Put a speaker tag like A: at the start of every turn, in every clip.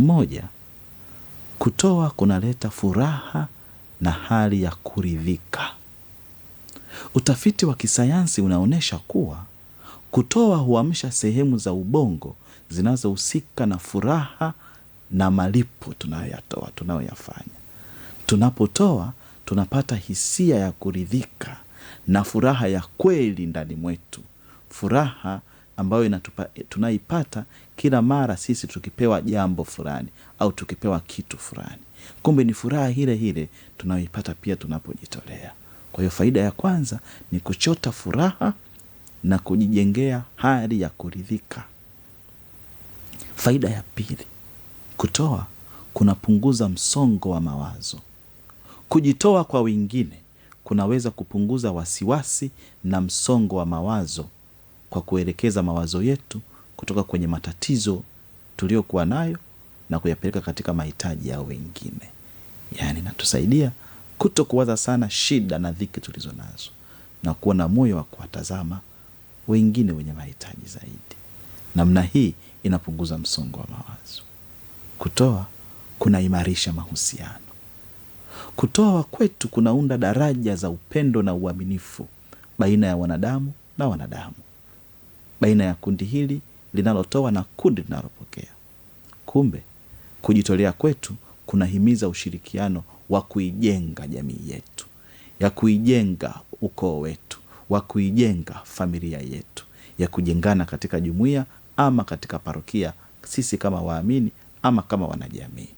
A: Moja, kutoa kunaleta furaha na hali ya kuridhika. Utafiti wa kisayansi unaonyesha kuwa kutoa huamsha sehemu za ubongo zinazohusika na furaha na malipo tunayoyatoa, tunayoyafanya. Tunapotoa tunapata hisia ya kuridhika na furaha ya kweli ndani mwetu, furaha ambayo inatupa, tunaipata kila mara sisi tukipewa jambo fulani au tukipewa kitu fulani. Kumbe ni furaha hile hile tunayoipata pia tunapojitolea. Kwa hiyo faida ya kwanza ni kuchota furaha na kujijengea hali ya kuridhika. Faida ya pili, kutoa kunapunguza msongo wa mawazo. Kujitoa kwa wengine kunaweza kupunguza wasiwasi na msongo wa mawazo kwa kuelekeza mawazo yetu kutoka kwenye matatizo tuliyokuwa nayo na kuyapeleka katika mahitaji ya wengine. yani natusaidia kuto kuwaza sana shida na dhiki tulizo nazo na kuwa na moyo wa kuwatazama wengine wenye mahitaji zaidi. Namna hii inapunguza msongo wa mawazo. Kutoa kunaimarisha mahusiano. Kutoa kwetu kunaunda daraja za upendo na uaminifu baina ya wanadamu na wanadamu baina ya kundi hili linalotoa na kundi linalopokea. Kumbe kujitolea kwetu kunahimiza ushirikiano wa kuijenga jamii yetu, ya kuijenga ukoo wetu, wa kuijenga familia yetu, ya kujengana katika jumuiya ama katika parokia, sisi kama waamini ama kama wanajamii.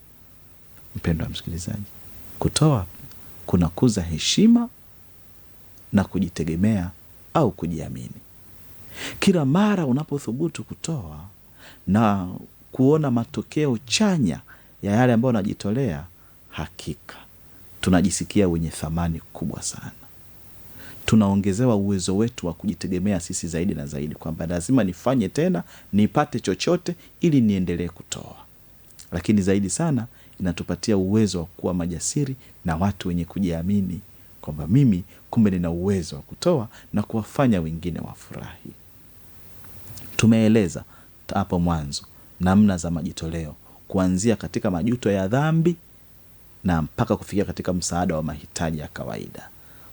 A: Mpendwa msikilizaji, kutoa kunakuza heshima na kujitegemea au kujiamini. Kila mara unapothubutu kutoa na kuona matokeo chanya ya yale ambayo unajitolea, hakika tunajisikia wenye thamani kubwa sana. Tunaongezewa uwezo wetu wa kujitegemea sisi zaidi na zaidi, kwamba lazima nifanye tena, nipate chochote ili niendelee kutoa. Lakini zaidi sana inatupatia uwezo wa kuwa majasiri na watu wenye kujiamini, kwamba mimi kumbe nina uwezo wa kutoa na kuwafanya wengine wafurahi. Tumeeleza hapo mwanzo namna za majitoleo kuanzia katika majuto ya dhambi na mpaka kufikia katika msaada wa mahitaji ya kawaida.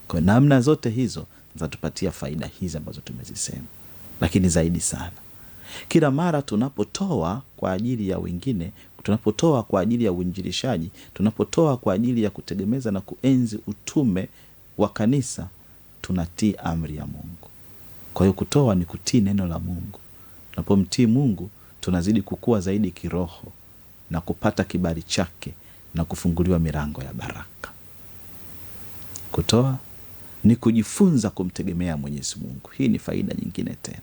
A: Kwa namna zote hizo zatupatia faida hizi ambazo tumezisema, lakini zaidi sana, kila mara tunapotoa kwa ajili ya wengine, tunapotoa kwa ajili ya uinjirishaji tunapotoa kwa ajili ya kutegemeza na kuenzi utume wa kanisa, tunatii amri ya Mungu. Kwa hiyo kutoa ni kutii neno la Mungu. Tunapomtii Mungu tunazidi kukua zaidi kiroho na kupata kibali chake na kufunguliwa milango ya baraka. Kutoa ni kujifunza kumtegemea Mwenyezi Mungu. Hii ni faida nyingine tena,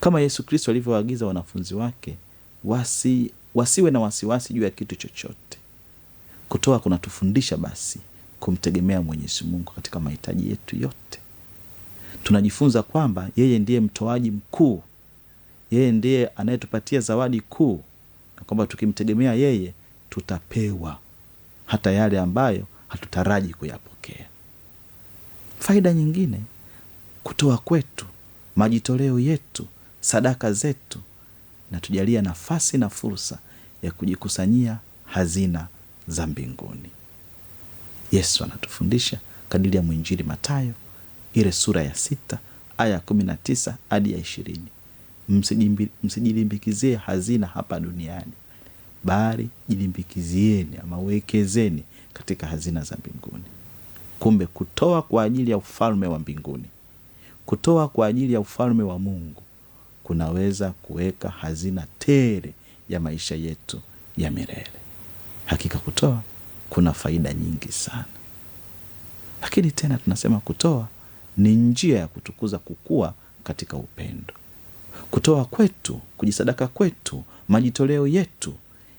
A: kama Yesu Kristo alivyoagiza wanafunzi wake wasi, wasiwe na wasiwasi juu ya kitu chochote. Kutoa kunatufundisha basi kumtegemea Mwenyezi Mungu katika mahitaji yetu yote. Tunajifunza kwamba yeye ndiye mtoaji mkuu yeye ndiye anayetupatia zawadi kuu, na kwamba tukimtegemea yeye tutapewa hata yale ambayo hatutaraji kuyapokea. Faida nyingine, kutoa kwetu, majitoleo yetu, sadaka zetu, natujalia nafasi na fursa ya kujikusanyia hazina za mbinguni. Yesu anatufundisha kadiri ya mwinjili Mathayo ile sura ya sita aya ya kumi na tisa hadi ya ishirini msijilimbikizie hazina hapa duniani, bali jilimbikizieni ama wekezeni katika hazina za mbinguni. Kumbe kutoa kwa ajili ya ufalme wa mbinguni, kutoa kwa ajili ya ufalme wa Mungu kunaweza kuweka hazina tere ya maisha yetu ya milele. Hakika kutoa kuna faida nyingi sana, lakini tena tunasema kutoa ni njia ya kutukuza kukua katika upendo. Kutoa kwetu, kujisadaka kwetu, majitoleo yetu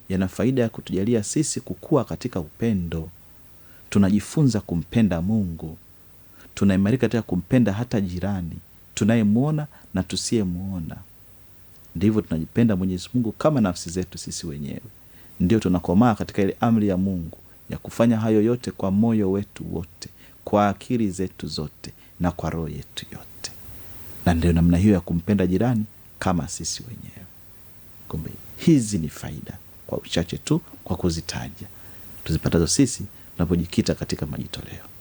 A: yana faida ya kutujalia sisi kukua katika upendo. Tunajifunza kumpenda Mungu, tunaimarika katika kumpenda hata jirani tunayemwona na tusiyemwona. Ndivyo tunajipenda Mwenyezi Mungu kama nafsi zetu sisi wenyewe. Ndio tunakomaa katika ile amri ya Mungu ya kufanya hayo yote kwa moyo wetu wote, kwa akili zetu zote na kwa roho yetu yote, na ndio namna hiyo ya kumpenda jirani kama sisi wenyewe. Kumbe hizi ni faida kwa uchache tu kwa kuzitaja tuzipatazo sisi tunapojikita katika majitoleo.